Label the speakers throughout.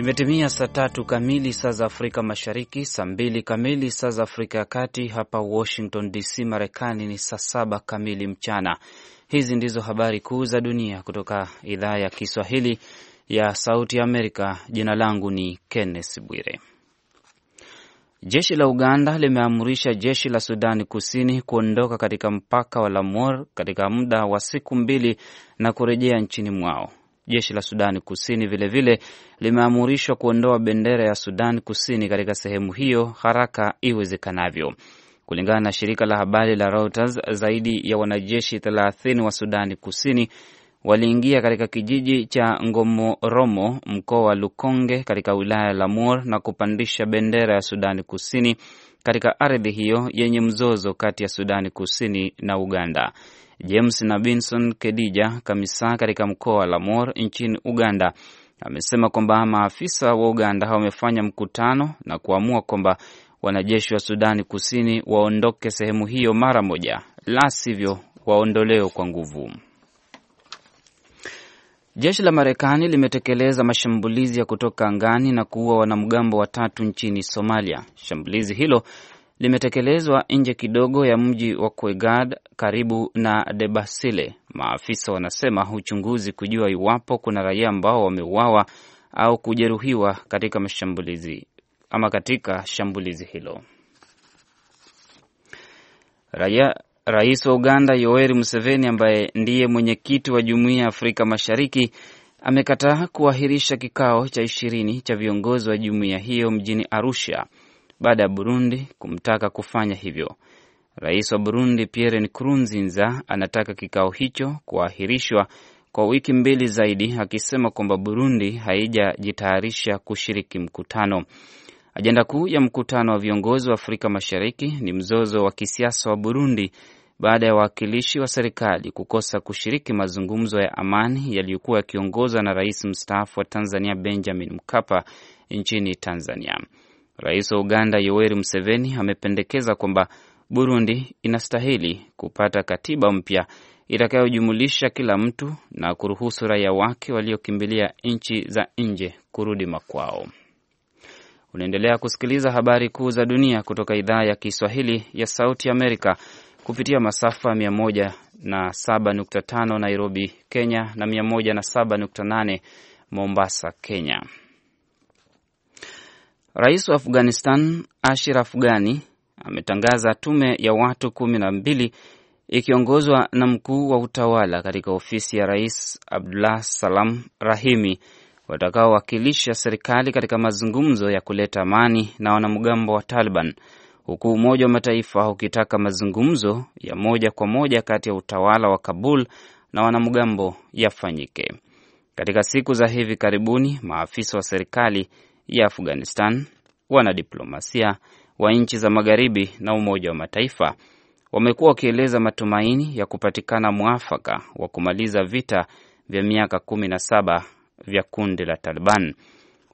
Speaker 1: Imetimia saa tatu kamili saa za Afrika Mashariki, saa mbili kamili saa za Afrika ya Kati. Hapa Washington DC, Marekani ni saa saba kamili mchana. Hizi ndizo habari kuu za dunia kutoka idhaa ya Kiswahili ya Sauti ya Amerika. Jina langu ni Kenneth Bwire. Jeshi la Uganda limeamurisha jeshi la Sudani Kusini kuondoka katika mpaka wa Lamor katika muda wa siku mbili na kurejea nchini mwao. Jeshi la Sudani Kusini vilevile limeamurishwa kuondoa bendera ya Sudan Kusini katika sehemu hiyo haraka iwezekanavyo. Kulingana na shirika la habari la Reuters, zaidi ya wanajeshi 30 wa Sudani Kusini waliingia katika kijiji cha Ngomoromo, mkoa wa Lukonge, katika wilaya ya Lamur na kupandisha bendera ya Sudani Kusini katika ardhi hiyo yenye mzozo kati ya Sudani Kusini na Uganda. James na Binson Kedija Kamisa katika mkoa wa Lamor nchini Uganda amesema kwamba maafisa wa Uganda wamefanya mkutano na kuamua kwamba wanajeshi wa Sudani Kusini waondoke sehemu hiyo mara moja, la sivyo waondolewe kwa nguvu. Jeshi la Marekani limetekeleza mashambulizi ya kutoka angani na kuua wanamgambo watatu nchini Somalia. Shambulizi hilo limetekelezwa nje kidogo ya mji wa Kuegad karibu na Debasile. Maafisa wanasema uchunguzi kujua iwapo kuna raia ambao wameuawa au kujeruhiwa katika mashambulizi ama katika shambulizi hilo. Raia Rais wa Uganda Yoweri Museveni ambaye ndiye mwenyekiti wa Jumuiya ya Afrika Mashariki amekataa kuahirisha kikao cha ishirini cha viongozi wa jumuiya hiyo mjini Arusha baada ya Burundi kumtaka kufanya hivyo. Rais wa Burundi Pierre Nkurunziza anataka kikao hicho kuahirishwa kwa wiki mbili zaidi, akisema kwamba Burundi haijajitayarisha kushiriki mkutano. Ajenda kuu ya mkutano wa viongozi wa Afrika Mashariki ni mzozo wa kisiasa wa Burundi baada ya wawakilishi wa serikali kukosa kushiriki mazungumzo ya amani yaliyokuwa yakiongozwa na rais mstaafu wa Tanzania Benjamin Mkapa nchini Tanzania. Rais wa Uganda Yoweri Museveni amependekeza kwamba Burundi inastahili kupata katiba mpya itakayojumulisha kila mtu na kuruhusu raia wake waliokimbilia nchi za nje kurudi makwao. Unaendelea kusikiliza habari kuu za dunia kutoka idhaa ya Kiswahili ya Sauti Amerika kupitia masafa 107.5 na Nairobi, Kenya na 107.8 Mombasa, Kenya. Rais wa Afghanistan Ashraf Ghani ametangaza tume ya watu kumi na mbili ikiongozwa na mkuu wa utawala katika ofisi ya rais Abdullah Salam Rahimi watakaowakilisha serikali katika mazungumzo ya kuleta amani na wanamgambo wa Taliban huku Umoja wa Mataifa ukitaka mazungumzo ya moja kwa moja kati ya utawala wa Kabul na wanamgambo yafanyike. Katika siku za hivi karibuni, maafisa wa serikali ya Afghanistan, wanadiplomasia wa nchi za Magharibi na Umoja wa Mataifa wamekuwa wakieleza matumaini ya kupatikana mwafaka wa kumaliza vita vya miaka kumi na saba vya kundi la Taliban.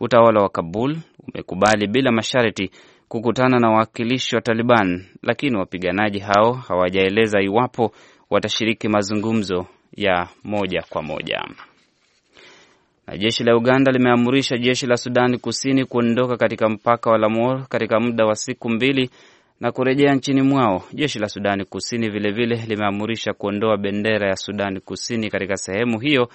Speaker 1: Utawala wa Kabul umekubali bila masharti kukutana na wawakilishi wa Taliban, lakini wapiganaji hao hawajaeleza iwapo watashiriki mazungumzo ya moja kwa moja. Na jeshi la Uganda limeamurisha jeshi la Sudani Kusini kuondoka katika mpaka wa Lamor katika muda wa siku mbili na kurejea nchini mwao. Jeshi la Sudani Kusini vilevile limeamurisha kuondoa bendera ya Sudani Kusini katika sehemu hiyo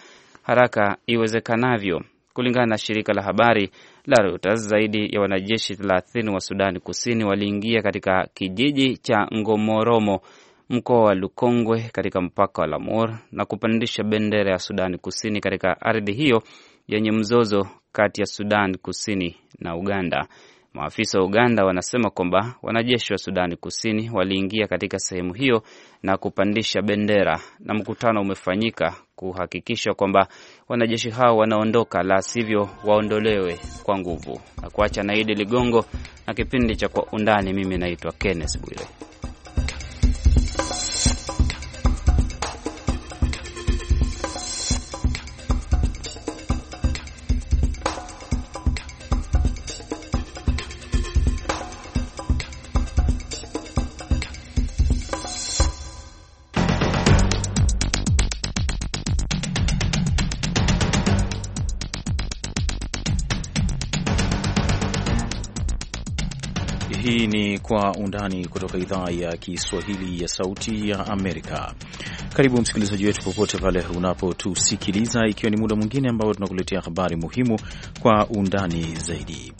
Speaker 1: haraka iwezekanavyo. Kulingana na shirika la habari la Reuters, zaidi ya wanajeshi 30 wa Sudani Kusini waliingia katika kijiji cha Ngomoromo, mkoa wa Lukongwe, katika mpaka wa Lamor na kupandisha bendera ya Sudani Kusini katika ardhi hiyo yenye mzozo kati ya Sudan Kusini na Uganda. Maafisa wa Uganda wanasema kwamba wanajeshi wa Sudani Kusini waliingia katika sehemu hiyo na kupandisha bendera, na mkutano umefanyika kuhakikisha kwamba wanajeshi hao wanaondoka, la sivyo waondolewe kwa nguvu. Na kuacha na Idi Ligongo na kipindi cha Kwa Undani, mimi naitwa Kenneth Bwire.
Speaker 2: Kwa Undani kutoka idhaa ya Kiswahili ya Sauti ya Amerika. Karibu msikilizaji wetu popote pale unapotusikiliza, ikiwa ni muda mwingine ambao tunakuletea habari muhimu kwa undani zaidi.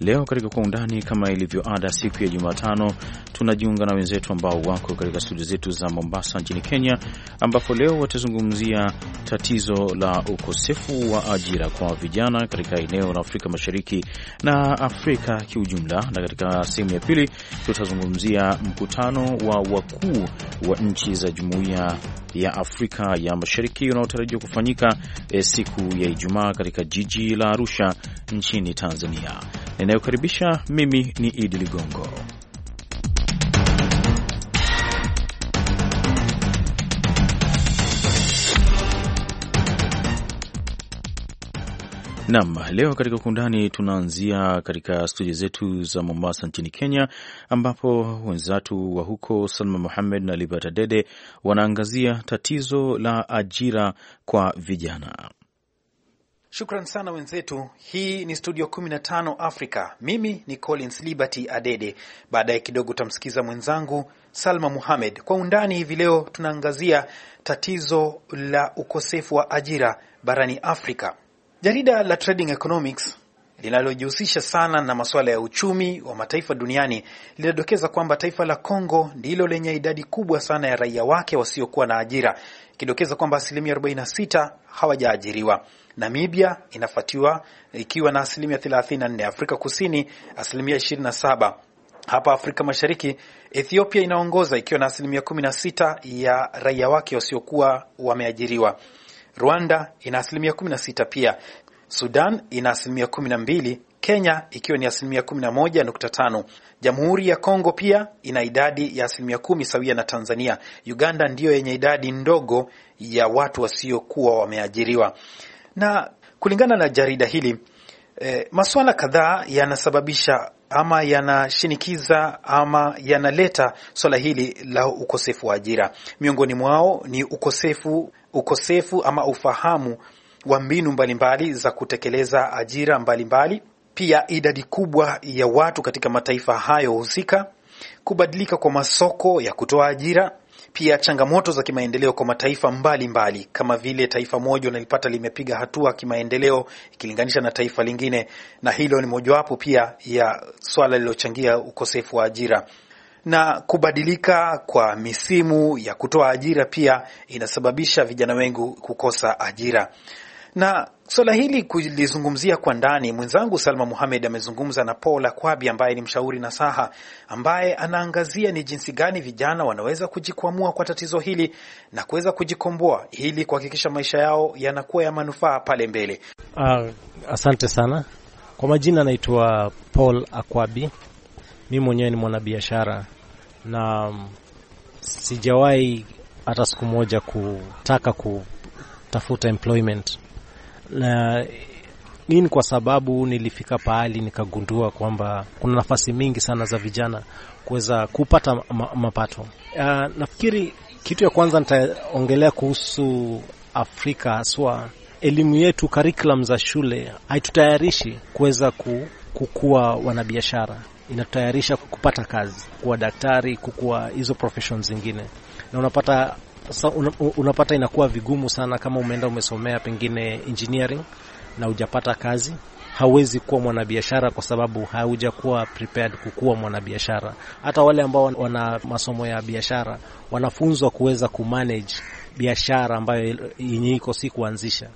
Speaker 2: Leo katika Kwa Undani, kama ilivyo ada siku ya Jumatano, tunajiunga na wenzetu ambao wako katika studio zetu za Mombasa nchini Kenya, ambapo leo watazungumzia tatizo la ukosefu wa ajira kwa vijana katika eneo la Afrika Mashariki na Afrika kiujumla, na katika sehemu ya pili tutazungumzia mkutano wa wakuu wa nchi za Jumuiya ya Afrika ya Mashariki unaotarajiwa kufanyika eh, siku ya Ijumaa katika jiji la Arusha nchini Tanzania ninayokaribisha mimi ni Idi Ligongo. Nam, leo katika kwa undani tunaanzia katika studio zetu za Mombasa nchini Kenya, ambapo wenzatu wa huko Salma Muhamed na libert adede wanaangazia tatizo la ajira kwa vijana.
Speaker 3: Shukran sana wenzetu. Hii ni Studio 15 Africa. Mimi ni Collins Liberty Adede. Baadaye kidogo utamsikiza mwenzangu Salma Muhamed. Kwa undani hivi leo tunaangazia tatizo la ukosefu wa ajira barani Afrika. Jarida la Trading Economics linalojihusisha sana na masuala ya uchumi wa mataifa duniani linadokeza kwamba taifa la Kongo ndilo lenye idadi kubwa sana ya raia wake wasiokuwa na ajira, ikidokeza kwamba asilimia 46 hawajaajiriwa. Namibia inafuatiwa ikiwa na asilimia 34, Afrika Kusini asilimia 27. Hapa Afrika Mashariki, Ethiopia inaongoza ikiwa na asilimia 16 ya raia wake wasiokuwa wameajiriwa. Rwanda ina asilimia 16 pia. Sudan ina asilimia 12, Kenya ikiwa ni asilimia 11.5. Jamhuri ya Kongo pia ina idadi ya asilimia kumi sawia na Tanzania. Uganda ndiyo yenye idadi ndogo ya watu wasiokuwa wameajiriwa. Na kulingana na jarida hili e, masuala kadhaa yanasababisha ama yanashinikiza ama yanaleta swala hili la ukosefu wa ajira. Miongoni mwao ni ukosefu, ukosefu ama ufahamu wa mbinu mbalimbali za kutekeleza ajira mbalimbali mbali. Pia idadi kubwa ya watu katika mataifa hayo husika, kubadilika kwa masoko ya kutoa ajira pia changamoto za kimaendeleo kwa mataifa mbalimbali mbali, kama vile taifa moja unalipata limepiga hatua kimaendeleo ikilinganisha na taifa lingine, na hilo ni mojawapo pia ya swala lililochangia ukosefu wa ajira na kubadilika kwa misimu ya kutoa ajira pia inasababisha vijana wengi kukosa ajira na Swala hili kulizungumzia kwa ndani, mwenzangu Salma Muhamed amezungumza na paul Akwabi ambaye ni mshauri na saha ambaye anaangazia ni jinsi gani vijana wanaweza kujikwamua kwa tatizo hili na kuweza kujikomboa ili kuhakikisha maisha yao yanakuwa ya manufaa pale mbele.
Speaker 4: Uh, asante sana kwa majina, anaitwa Paul Akwabi. Mi mwenyewe ni mwanabiashara na mm, sijawahi hata siku moja kutaka kutafuta employment na hii ni kwa sababu nilifika pahali nikagundua kwamba kuna nafasi mingi sana za vijana kuweza kupata ma mapato. Uh, nafikiri kitu ya kwanza nitaongelea kuhusu Afrika haswa elimu yetu, curriculum za shule haitutayarishi kuweza ku, kukuwa wanabiashara, inatutayarisha kupata kazi, kuwa daktari, kukuwa hizo profeshon zingine, na unapata sasa unapata inakuwa vigumu sana kama umeenda umesomea pengine engineering na hujapata kazi, hawezi kuwa mwanabiashara kwa sababu haujakuwa prepared kukuwa mwanabiashara. Hata wale ambao wana masomo ya biashara wanafunzwa kuweza kumanage biashara ambayo yenye iko si kuanzisha.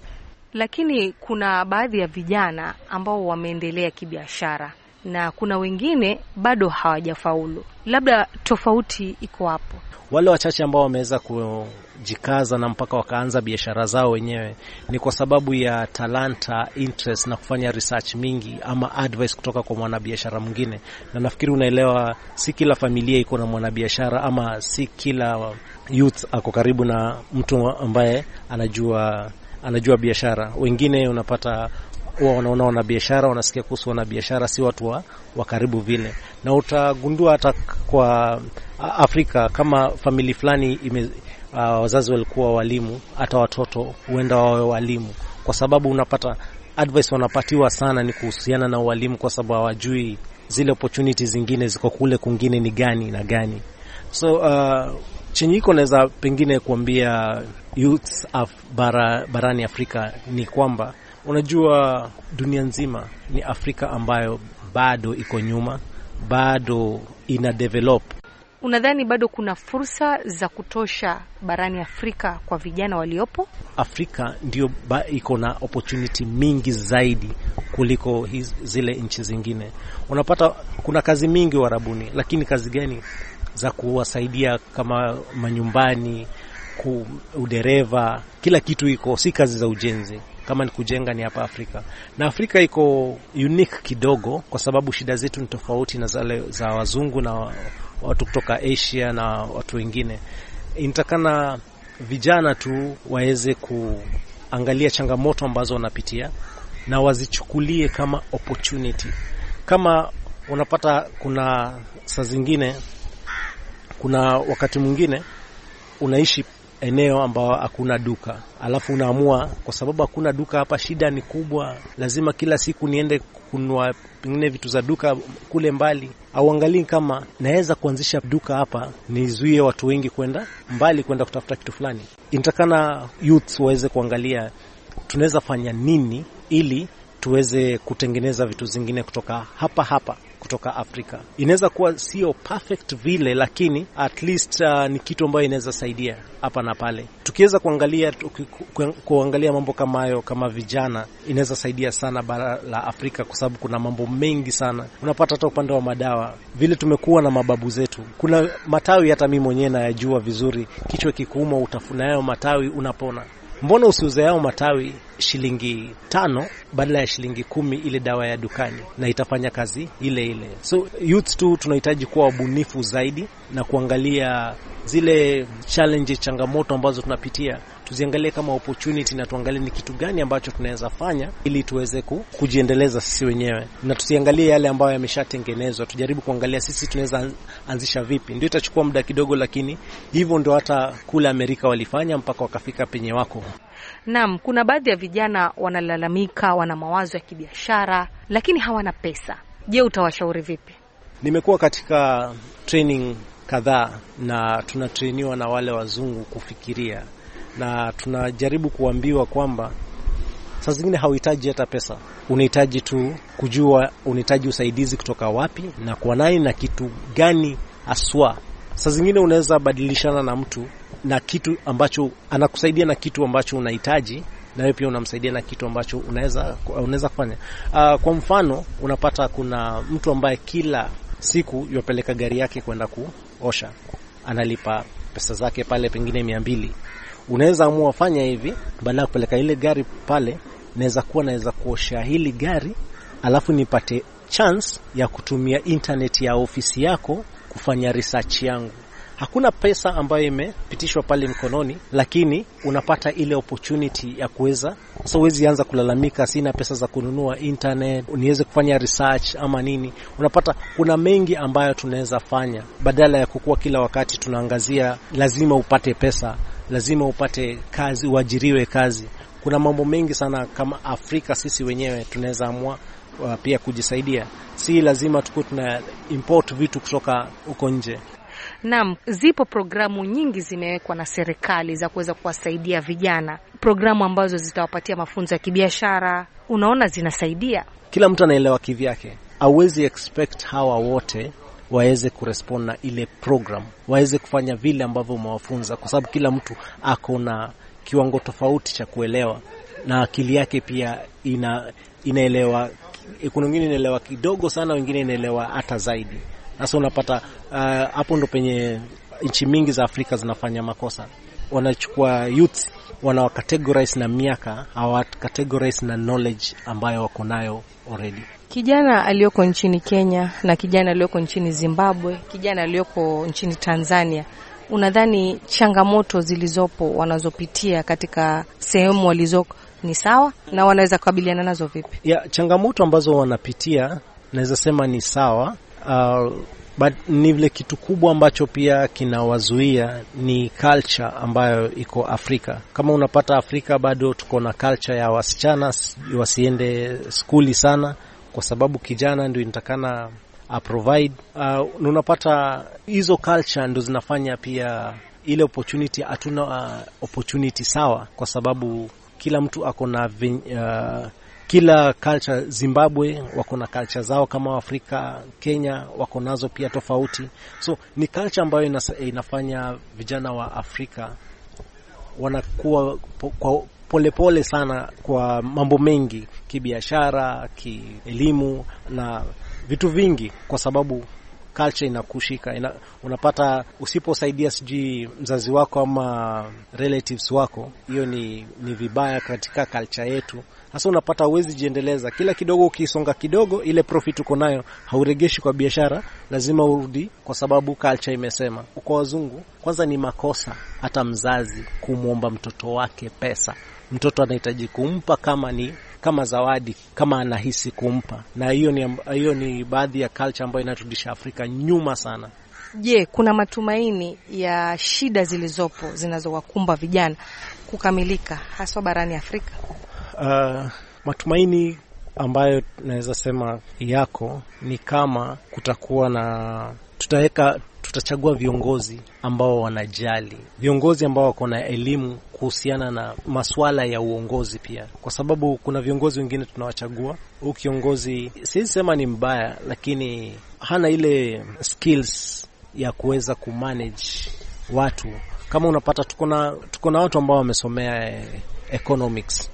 Speaker 5: Lakini kuna baadhi ya vijana ambao wameendelea kibiashara na kuna wengine bado hawajafaulu. Labda tofauti iko hapo,
Speaker 4: wale wachache ambao wameweza kujikaza na mpaka wakaanza biashara zao wenyewe, ni kwa sababu ya talanta, interest na kufanya research mingi ama advice kutoka kwa mwanabiashara mwingine. Na nafikiri unaelewa, si kila familia iko na mwanabiashara ama si kila youth ako karibu na mtu ambaye anajua anajua biashara. Wengine unapata huwa wanaona wanabiashara, wanasikia kuhusu wanabiashara, si watu wa, wa karibu vile, na utagundua hata kwa Afrika kama famili fulani ime Uh, wazazi walikuwa walimu, hata watoto huenda wawe walimu, kwa sababu unapata advice wanapatiwa sana ni kuhusiana na ualimu, kwa sababu hawajui zile opportunities zingine ziko kule kwingine ni gani na gani. So uh, chenye iko naweza pengine kuambia youths af bara, barani Afrika ni kwamba Unajua, dunia nzima ni Afrika ambayo bado iko nyuma, bado ina develop.
Speaker 5: Unadhani bado kuna fursa za kutosha barani Afrika kwa vijana waliopo?
Speaker 4: Afrika ndio iko na opportunity mingi zaidi kuliko his, zile nchi zingine. Unapata kuna kazi mingi warabuni, lakini kazi gani za kuwasaidia kama manyumbani, udereva, kila kitu iko, si kazi za ujenzi kama ni kujenga ni hapa Afrika, na Afrika iko unique kidogo, kwa sababu shida zetu ni tofauti na zale za wazungu na watu kutoka Asia na watu wengine. Inatakana vijana tu waweze kuangalia changamoto ambazo wanapitia na wazichukulie kama opportunity. Kama unapata, kuna saa zingine, kuna wakati mwingine unaishi eneo ambao hakuna duka, alafu unaamua kwa sababu hakuna duka hapa, shida ni kubwa, lazima kila siku niende kununua pengine vitu za duka kule mbali. Auangalii kama naweza kuanzisha duka hapa, nizuie watu wengi kwenda mbali, kwenda kutafuta kitu fulani. Inatakana youth waweze kuangalia tunaweza fanya nini ili tuweze kutengeneza vitu zingine kutoka hapa hapa kutoka Afrika. Inaweza kuwa sio perfect vile, lakini at least uh, ni kitu ambayo inaweza saidia hapa na pale. Tukiweza kuangalia kuangalia mambo kama hayo kama vijana, inaweza saidia sana bara la Afrika, kwa sababu kuna mambo mengi sana unapata. Hata upande wa madawa vile tumekuwa na mababu zetu, kuna matawi hata mimi mwenyewe nayajua vizuri, kichwa kikuuma, utafuna nayo matawi unapona mbona usiuze yao matawi shilingi tano badala ya shilingi kumi ile dawa ya dukani, na itafanya kazi ile ile. So youth tu tunahitaji kuwa wabunifu zaidi na kuangalia zile challenge, changamoto ambazo tunapitia tuziangalie kama opportunity na tuangalie ni kitu gani ambacho tunaweza fanya ili tuweze kujiendeleza sisi wenyewe, na tusiangalie yale ambayo yameshatengenezwa. Tujaribu kuangalia sisi tunaweza anzisha vipi. Ndio itachukua muda kidogo, lakini hivyo ndio hata kule Amerika walifanya mpaka wakafika penye wako.
Speaker 5: Naam, kuna baadhi ya vijana wanalalamika, wana mawazo ya kibiashara lakini hawana pesa. Je, utawashauri vipi?
Speaker 4: Nimekuwa katika training kadhaa na tunatrainiwa na wale wazungu kufikiria na tunajaribu kuambiwa kwamba saa zingine hauhitaji hata pesa, unahitaji tu kujua unahitaji usaidizi kutoka wapi na kwa nani na kitu gani haswa. Saa zingine unaweza badilishana na mtu na kitu ambacho anakusaidia na kitu ambacho unahitaji na wewe pia unamsaidia na kitu ambacho unaweza unaweza kufanya. Uh, kwa mfano unapata kuna mtu ambaye kila siku yupeleka gari yake kwenda kuosha, analipa pesa zake pale pengine mia mbili Unaweza amua fanya hivi, badala ya kupeleka ile gari pale, naweza kuwa naweza kuosha hili gari alafu nipate chance ya kutumia internet ya ofisi yako kufanya research yangu. Hakuna pesa ambayo imepitishwa pale mkononi, lakini unapata ile opportunity ya kuweza sasa. Huwezi anza kulalamika, sina pesa za kununua internet niweze kufanya research ama nini. Unapata kuna mengi ambayo tunaweza fanya, badala ya kukua kila wakati tunaangazia lazima upate pesa lazima upate kazi, uajiriwe kazi. Kuna mambo mengi sana kama Afrika sisi wenyewe tunaweza amua uh, pia kujisaidia, si lazima tukuwa tuna import vitu kutoka huko nje.
Speaker 5: Naam, zipo programu nyingi zimewekwa na serikali za kuweza kuwasaidia vijana, programu ambazo zitawapatia mafunzo ya kibiashara. Unaona zinasaidia,
Speaker 4: kila mtu anaelewa kivyake. Hauwezi expect hawa wote waweze kurespond na ile program, waweze kufanya vile ambavyo umewafunza, kwa sababu kila mtu ako na kiwango tofauti cha kuelewa na akili yake pia ina, inaelewa. Kuna wengine inaelewa kidogo sana, wengine inaelewa hata zaidi. Sasa unapata uh, hapo, uh, ndo penye nchi mingi za Afrika zinafanya makosa. Wanachukua youth wanawa categorize na miaka, hawa categorize na knowledge ambayo wako nayo already.
Speaker 5: Kijana aliyoko nchini Kenya na kijana aliyoko nchini Zimbabwe, kijana aliyoko nchini Tanzania, unadhani changamoto zilizopo wanazopitia katika sehemu walizoko ni sawa na wanaweza kukabiliana nazo vipi?
Speaker 4: Yeah, changamoto ambazo wanapitia naweza sema ni sawa uh, but ni vile kitu kubwa ambacho pia kinawazuia ni culture ambayo iko Afrika. Kama unapata Afrika, bado tuko na culture ya wasichana wasiende skuli sana, kwa sababu kijana ndio inatakana aprovide. Uh, uh, unapata hizo culture ndio zinafanya pia ile opportunity hatuna uh, opportunity sawa, kwa sababu kila mtu ako na uh, kila culture. Zimbabwe wako na culture zao kama Afrika, Kenya wako nazo pia tofauti, so ni culture ambayo inafanya vijana wa Afrika wanakuwa po, kwa, polepole pole sana kwa mambo mengi kibiashara, kielimu na vitu vingi, kwa sababu culture inakushika ina, unapata usiposaidia sijui mzazi wako ama relatives wako, hiyo ni, ni vibaya katika culture yetu hasa unapata uwezi jiendeleza, kila kidogo ukisonga kidogo, ile profit uko nayo hauregeshi kwa biashara, lazima urudi, kwa sababu culture imesema. Kwa wazungu kwanza, ni makosa hata mzazi kumwomba mtoto wake pesa. Mtoto anahitaji kumpa kama ni kama zawadi kama anahisi kumpa, na hiyo ni, hiyo ni baadhi ya culture ambayo inaturudisha Afrika nyuma sana.
Speaker 5: Je, kuna matumaini ya shida zilizopo zinazowakumba vijana kukamilika haswa barani Afrika?
Speaker 4: Uh, matumaini ambayo naweza sema yako ni kama kutakuwa na tutaweka tutachagua viongozi ambao wanajali, viongozi ambao wako na elimu kuhusiana na masuala ya uongozi pia, kwa sababu kuna viongozi wengine tunawachagua, huu kiongozi siwezi sema ni mbaya, lakini hana ile skills ya kuweza kumanage watu. Kama unapata, tuko na watu ambao wamesomea eh, economics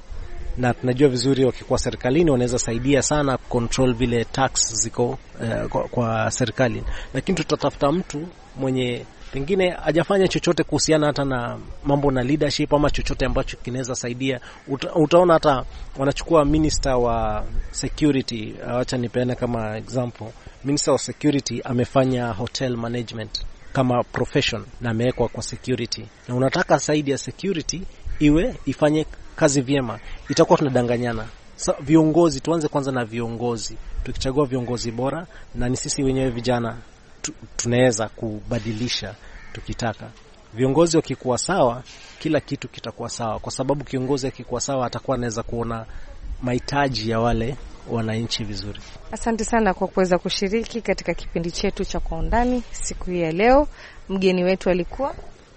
Speaker 4: na tunajua vizuri wakikuwa serikalini wanaweza saidia sana control vile tax ziko uh, kwa, kwa serikali, lakini tutatafuta mtu mwenye pengine hajafanya chochote kuhusiana hata na mambo na leadership ama chochote ambacho kinaweza saidia. Uta, utaona hata wanachukua minister wa security, acha nipeane kama example, minister wa security amefanya hotel management kama profession na amewekwa kwa security, na unataka saidi ya security iwe ifanye kazi vyema, itakuwa tunadanganyana. Sa, viongozi tuanze kwanza na viongozi. Tukichagua viongozi bora, na ni sisi wenyewe vijana tu, tunaweza kubadilisha tukitaka. Viongozi wakikuwa sawa, kila kitu kitakuwa sawa, kwa sababu kiongozi akikuwa sawa atakuwa anaweza kuona mahitaji ya wale wananchi vizuri.
Speaker 5: Asante sana kwa kuweza kushiriki katika kipindi chetu cha Kwa Undani siku hii ya leo. Mgeni wetu alikuwa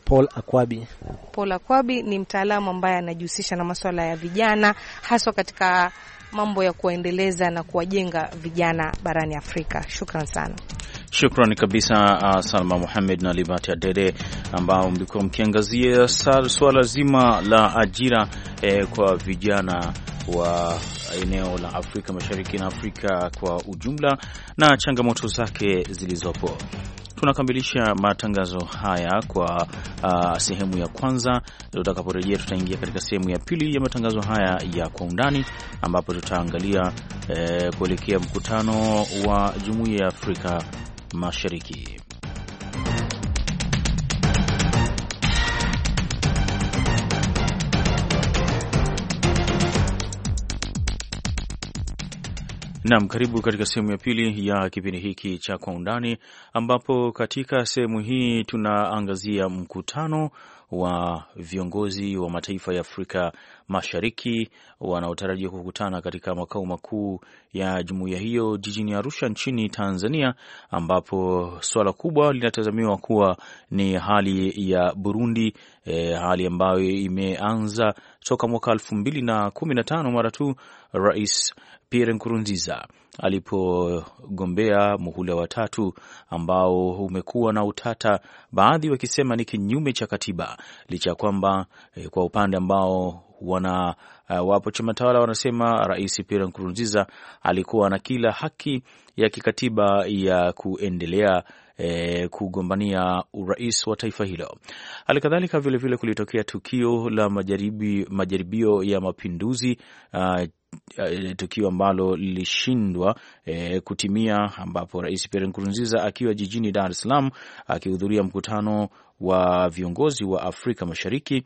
Speaker 4: Paul Akwabi.
Speaker 5: Paul Akwabi ni mtaalamu ambaye anajihusisha na masuala ya vijana haswa katika mambo ya kuwaendeleza na kuwajenga vijana barani Afrika. Shukran sana.
Speaker 2: shukrani kabisa uh, Salma Muhamed na Libati Adede ambao mlikuwa mkiangazia suala zima la ajira eh, kwa vijana wa eneo la Afrika Mashariki na Afrika kwa ujumla na changamoto zake zilizopo tunakamilisha matangazo haya kwa uh, sehemu ya kwanza. Tutakaporejea tutaingia katika sehemu ya pili ya matangazo haya ya kwa undani, ambapo tutaangalia eh, kuelekea mkutano wa Jumuiya ya Afrika Mashariki. Naam, karibu katika sehemu ya pili ya kipindi hiki cha Kwa Undani, ambapo katika sehemu hii tunaangazia mkutano wa viongozi wa mataifa ya Afrika Mashariki wanaotarajiwa kukutana katika makao makuu ya jumuiya hiyo jijini Arusha nchini Tanzania, ambapo suala kubwa linatazamiwa kuwa ni hali ya Burundi, e, hali ambayo imeanza toka mwaka elfu mbili na kumi na tano mara tu Rais Pierre Nkurunziza alipogombea muhula wa tatu ambao umekuwa na utata, baadhi wakisema ni kinyume cha katiba, licha ya kwamba eh, kwa upande ambao wana uh, wapo chama tawala wanasema Rais Pierre Nkurunziza alikuwa na kila haki ya kikatiba ya kuendelea E, kugombania urais wa taifa hilo. Halikadhalika vilevile kulitokea tukio la majaribi, majaribio ya mapinduzi uh, E, tukio ambalo lilishindwa e, kutimia ambapo Rais Pierre Nkurunziza akiwa jijini Dar es Salaam akihudhuria mkutano wa viongozi wa Afrika Mashariki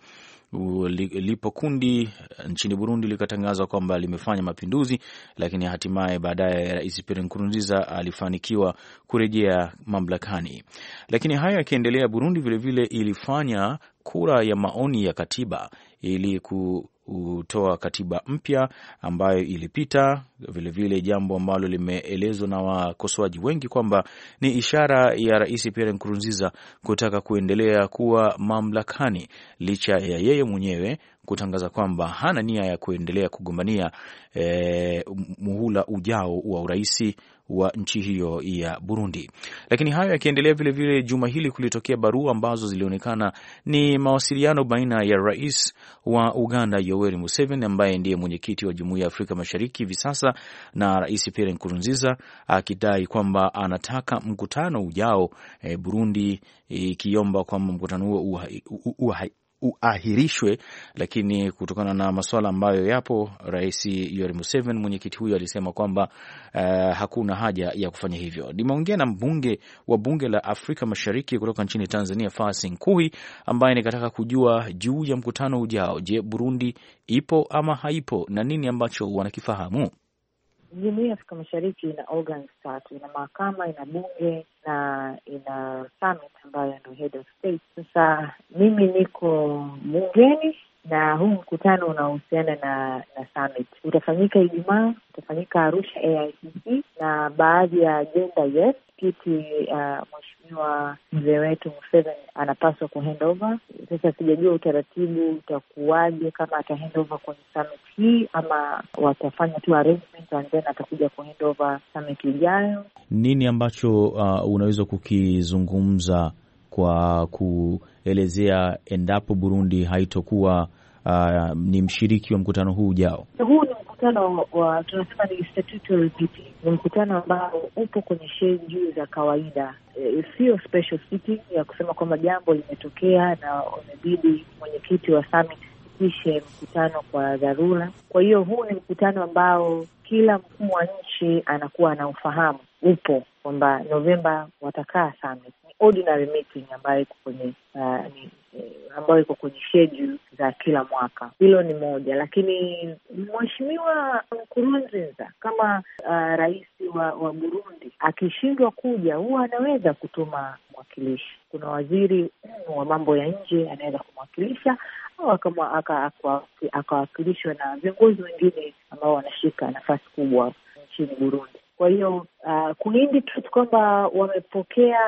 Speaker 2: lipo kundi e, nchini Burundi likatangazwa kwamba limefanya mapinduzi, lakini hatimaye baadaye Rais Pierre Nkurunziza alifanikiwa kurejea mamlakani. Lakini hayo yakiendelea, Burundi vilevile vile ilifanya kura ya maoni ya katiba ili ku kutoa katiba mpya ambayo ilipita, vilevile jambo ambalo limeelezwa na wakosoaji wengi kwamba ni ishara ya Rais Pierre Nkurunziza kutaka kuendelea kuwa mamlakani licha ya yeye mwenyewe kutangaza kwamba hana nia ya kuendelea kugombania e, muhula ujao wa uraisi wa nchi hiyo ya Burundi. Lakini hayo yakiendelea, vilevile juma hili kulitokea barua ambazo zilionekana ni mawasiliano baina ya rais wa Uganda Yoweri Museveni ambaye ndiye mwenyekiti wa Jumuiya ya Afrika Mashariki hivi sasa na Rais Pierre Nkurunziza akidai kwamba anataka mkutano ujao e, Burundi ikiomba e, kwamba mkutano huo uahirishwe, lakini kutokana na masuala ambayo yapo, Rais Yoweri Museveni, mwenyekiti huyo, alisema kwamba uh, hakuna haja ya kufanya hivyo. Nimeongea na mbunge wa bunge la Afrika Mashariki kutoka nchini Tanzania, Fasi Nkuhi, ambaye nikataka kujua juu ya mkutano ujao. Je, Burundi ipo ama haipo na nini ambacho wanakifahamu?
Speaker 6: Jumuia ya Afrika Mashariki ina organs tatu, ina mahakama, ina bunge na ina summit ambayo ndio head of state. Sasa mimi niko bungeni na huu mkutano unaohusiana na na summit utafanyika Ijumaa, utafanyika Arusha AICC, na baadhi ya ajenda yes mwenyekiti uh, mheshimiwa mzee wetu Museveni anapaswa ku Sasa sijajua utaratibu utakuwaje, kama atahandover kwenye summit hii ama watafanya tu arrangement and then atakuja kuhandover summit ijayo.
Speaker 2: Nini ambacho uh, unaweza kukizungumza kwa kuelezea endapo Burundi haitokuwa uh, ni mshiriki wa mkutano huu ujao?
Speaker 6: Huu ni mkutano wa tunasema ni statutory meeting, ni mkutano ambao upo kwenye juu za kawaida e, sio special sitting ya kusema kwamba jambo limetokea na umebidi mwenyekiti wa summit itishe mkutano kwa dharura. Kwa hiyo huu ni mkutano ambao kila mkuu wa nchi anakuwa ufahamu upo kwamba Novemba watakaa summit. Ni ordinary meeting ambayo iko kwenye uh, Eh, ambayo iko kwenye schedule za kila mwaka. Hilo ni moja, lakini mheshimiwa Nkurunziza kama uh, rais wa, wa Burundi akishindwa kuja, huwa anaweza kutuma mwakilishi. Kuna waziri mm, wa mambo ya nje anaweza kumwakilisha au akawakilishwa na viongozi wengine ambao wanashika nafasi kubwa nchini Burundi. Kwa hiyo uh, kuindicate kwamba wamepokea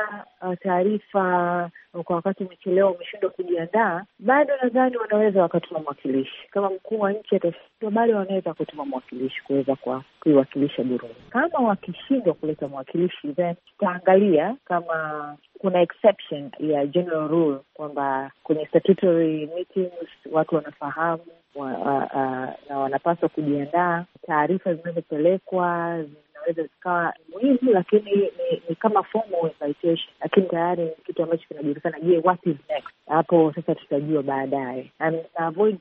Speaker 6: uh, taarifa kwa wakati umechelewa, wameshindwa kujiandaa, bado nadhani wanaweza wakatuma mwakilishi. Kama mkuu wa nchi atashindwa, bado wanaweza wakatuma mwakilishi kuweza kuiwakilisha Burundi. Kama wakishindwa kuleta mwakilishi, then tutaangalia kama kuna exception ya general rule kwamba kwenye statutory meetings watu wanafahamu wa, uh, uh, na wanapaswa kujiandaa, taarifa zinazopelekwa inaweza zikawa muhimu, lakini ni, ni kama formal invitation, lakini tayari ni kitu ambacho kinajulikana. Je, what is next? Hapo sasa tutajua baadaye. Na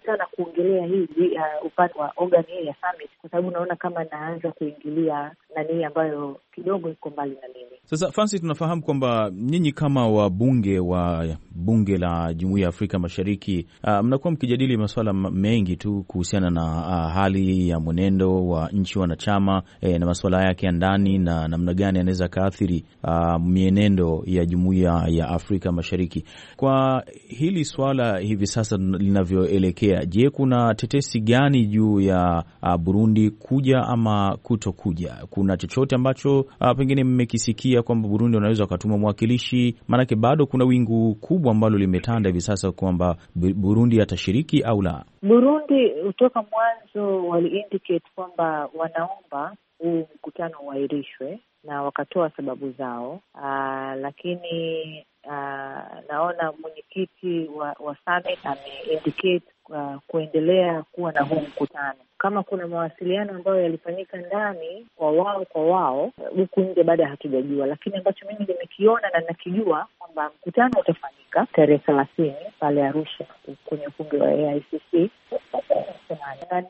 Speaker 6: sana kuongelea hivi uh, upande wa organ hii ya summit, kwa sababu naona kama naanza kuingilia nanii ambayo kidogo iko mbali na mimi.
Speaker 2: Sasa Fancy, tunafahamu kwamba nyinyi kama wabunge wa bunge la Jumuiya ya Afrika Mashariki, uh, mnakuwa mkijadili masuala mengi tu kuhusiana na uh, hali ya mwenendo wa nchi wanachama eh, na masuala yake ya ndani na namna gani anaweza akaathiri uh, ah, mienendo ya Jumuiya ya Afrika Mashariki. Kwa hili swala hivi sasa linavyoelekea, je, kuna tetesi gani juu ya uh, Burundi kuja ama kutokuja? Kuna chochote ambacho uh, pengine mmekisikia kwamba Burundi wanaweza wakatuma mwakilishi? Maanake bado kuna wingu kubwa kubwa ambalo limetanda hivi sasa kwamba Burundi atashiriki au la.
Speaker 6: Burundi kutoka mwanzo waliindicate kwamba wanaomba huu mkutano uahirishwe na wakatoa sababu zao. Aa, ah, lakini aa, ah, naona mwenyekiti wa, wa summit ameindicate uh, kuendelea kuwa na huu mkutano kama kuna mawasiliano ambayo yalifanyika ndani kwa wao kwa wao huku nje, baada ya hatujajua, lakini ambacho mimi nimekiona na nakijua kwamba mkutano utafanyika tarehe thelathini pale Arusha kwenye ukumbi wa AICC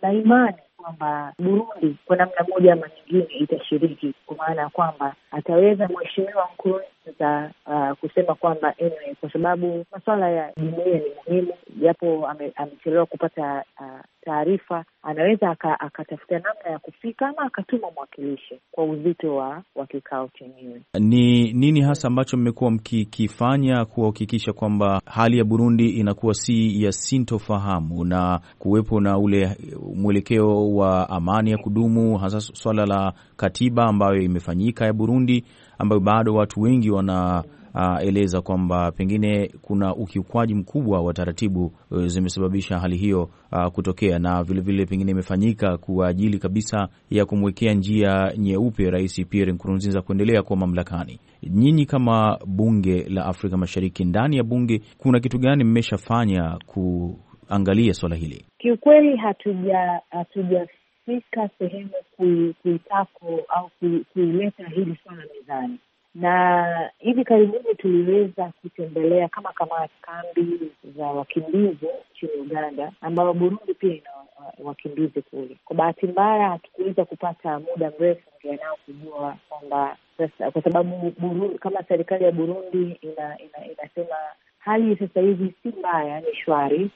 Speaker 6: na imani kwamba Burundi kwa namna moja ama nyingine itashiriki, kwa maana ya kwamba ataweza mheshimiwa mkurugenzi za uh, kusema kwamba anyway, kwa sababu masuala ya jumuia ni muhimu, japo amechelewa kupata uh, taarifa, anaweza akatafuta namna ya kufika ama akatuma mwakilishi kwa uzito wa, wa kikao chenyewe.
Speaker 2: Ni nini hasa ambacho mmekuwa mkikifanya kuhakikisha kwamba hali ya Burundi inakuwa si ya sintofahamu na kuwepo na ule mwelekeo wa amani ya kudumu, hasa swala la katiba ambayo imefanyika ya Burundi ambayo bado watu wengi wanaeleza ah, uh, kwamba pengine kuna ukiukwaji mkubwa wa taratibu uh, zimesababisha hali hiyo uh, kutokea, na vilevile vile pengine imefanyika kwa ajili kabisa ya kumwekea njia nyeupe Rais Pierre Nkurunziza kuendelea kuwa mamlakani. Nyinyi kama bunge la Afrika Mashariki, ndani ya bunge kuna kitu gani mmeshafanya ku angalia swala hili.
Speaker 6: Kiukweli hatuja hatuja kufika sehemu kuitako au kuileta hili swala mezani, na hivi karibuni tuliweza kutembelea kama kama kambi za wakimbizi nchini Uganda, ambayo Burundi pia ina uh, wakimbizi kule. Kwa bahati mbaya, hatukuweza kupata muda mrefu ngeanao kujua kwamba sasa, kwa sababu Burundi, kama serikali ya Burundi ina, ina, inasema hali sasa hivi si mbaya, ni shwari.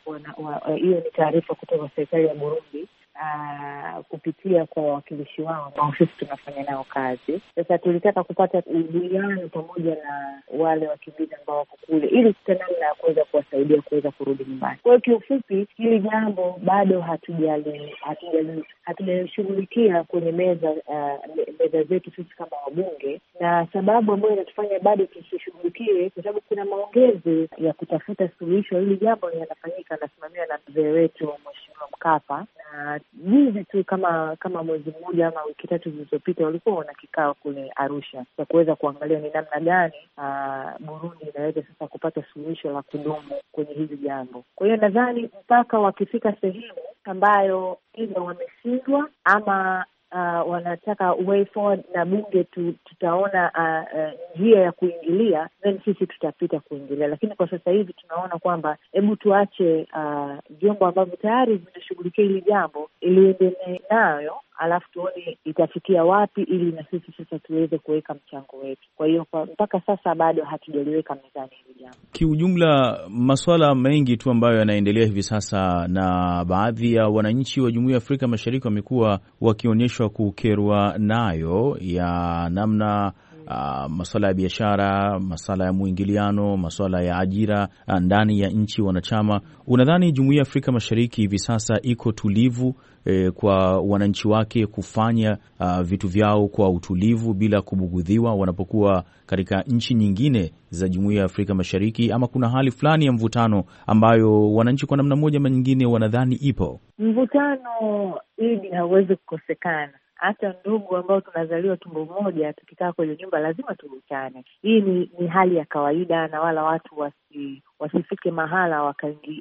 Speaker 6: Hiyo ni taarifa kutoka serikali ya Burundi Uh, kupitia kwa wawakilishi wao ambao sisi tunafanya nao kazi. Sasa tulitaka kupata ujuliano pamoja na wale wakimbizi ambao wako kule, ili tupate namna ya kuweza kuwasaidia kuweza kurudi nyumbani. Kwa hiyo kiufupi, hili jambo bado hatujali hatujalishughulikia kwenye meza uh, meza zetu sisi kama wabunge, na sababu ambayo inatufanya bado tusishughulikie, kwa sababu kuna maongezi ya kutafuta suluhisho. Hili jambo yanafanyika, anasimamiwa na mzee wetu Mheshimiwa Mkapa Uh, juzi tu kama kama mwezi mmoja ama wiki tatu zilizopita walikuwa wana kikao kule Arusha cha kuweza kuangalia ni namna gani uh, Burundi inaweza sasa kupata suluhisho la kudumu kwenye hili jambo. Kwa hiyo nadhani mpaka wakifika sehemu ambayo ia wameshindwa ama uh, wanataka way forward na bunge tu, tutaona njia uh, uh, ya kuingilia, then sisi tutapita kuingilia. Lakini kwa sasa hivi tunaona kwamba hebu tuache uh, vyombo uh, ambavyo tayari vinashughulikia hili jambo iliendelee nayo alafu tuone itafikia wapi, ili na sisi sasa tuweze kuweka mchango wetu. Kwa hiyo mpaka sasa bado hatujaliweka mezani hili
Speaker 2: jambo. Kiujumla, maswala mengi tu ambayo yanaendelea hivi sasa, na baadhi ya wananchi wa Jumuiya ya Afrika Mashariki wamekuwa wakionyeshwa kukerwa nayo ya namna uh, ah, masuala ya biashara, masuala ya mwingiliano, masuala ya ajira ah, ndani ya nchi wanachama. Unadhani jumuiya ya Afrika Mashariki hivi sasa iko tulivu eh, kwa wananchi wake kufanya uh, vitu vyao kwa utulivu bila kubugudhiwa wanapokuwa katika nchi nyingine za jumuiya ya Afrika Mashariki, ama kuna hali fulani ya mvutano ambayo wananchi kwa namna moja ama nyingine wanadhani ipo?
Speaker 6: Mvutano Hili hauwezi kukosekana hata ndugu ambao tunazaliwa tumbo moja, tukikaa kwenye nyumba lazima tuvutane. Hii ni, ni hali ya kawaida, na wala watu wasi wasifike mahala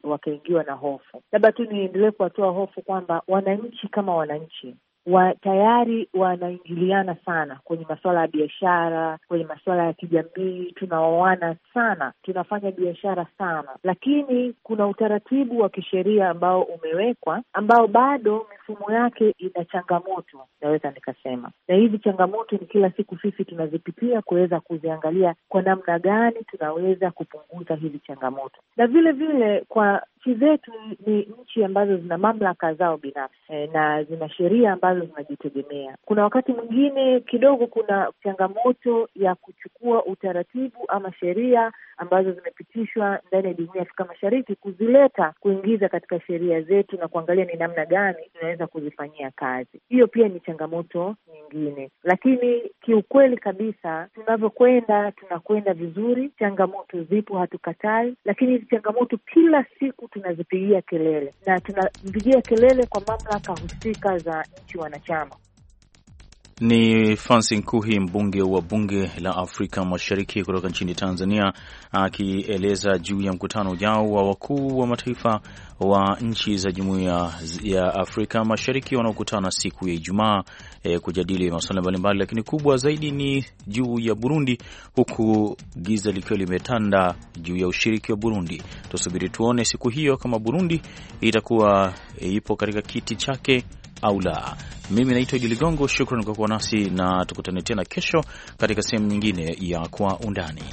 Speaker 6: wakaingiwa na hofu. Labda tu niendelee kuwatoa hofu kwamba wananchi kama wananchi wa tayari wanaingiliana sana kwenye masuala ya biashara, kwenye masuala ya kijamii, tunaoana sana, tunafanya biashara sana, lakini kuna utaratibu wa kisheria ambao umewekwa ambao bado mifumo yake ina changamoto, naweza nikasema, na hizi changamoto ni kila siku sisi tunazipitia kuweza kuziangalia kwa namna gani tunaweza kupunguza hizi changamoto, na vile vile kwa nchi zetu ni nchi ambazo zina mamlaka zao binafsi e, na zina sheria ambazo ambalo linajitegemea. Kuna wakati mwingine kidogo kuna changamoto ya kuchukua utaratibu ama sheria ambazo zimepitishwa ndani ya jumuiya ya Afrika Mashariki kuzileta kuingiza katika sheria zetu na kuangalia ni namna gani tunaweza kuzifanyia kazi. Hiyo pia ni changamoto nyingine, lakini kiukweli kabisa tunavyokwenda, tunakwenda vizuri. Changamoto zipo, hatukatai, lakini hizi changamoto kila siku tunazipigia kelele na tunazipigia kelele kwa mamlaka husika za nchi wanachama.
Speaker 2: Ni Fansi Nkuhi, mbunge wa bunge la Afrika Mashariki kutoka nchini Tanzania, akieleza juu ya mkutano ujao wa wakuu wa mataifa wa nchi za jumuiya ya Afrika Mashariki wanaokutana siku ya Ijumaa e, kujadili masuala mbalimbali, lakini kubwa zaidi ni juu ya Burundi, huku giza likiwa limetanda juu ya ushiriki wa Burundi. Tusubiri tuone siku hiyo kama Burundi itakuwa e, ipo katika kiti chake au la. Mimi naitwa Idi Ligongo, shukran kwa kuwa nasi na tukutane tena kesho katika sehemu nyingine ya Kwa Undani.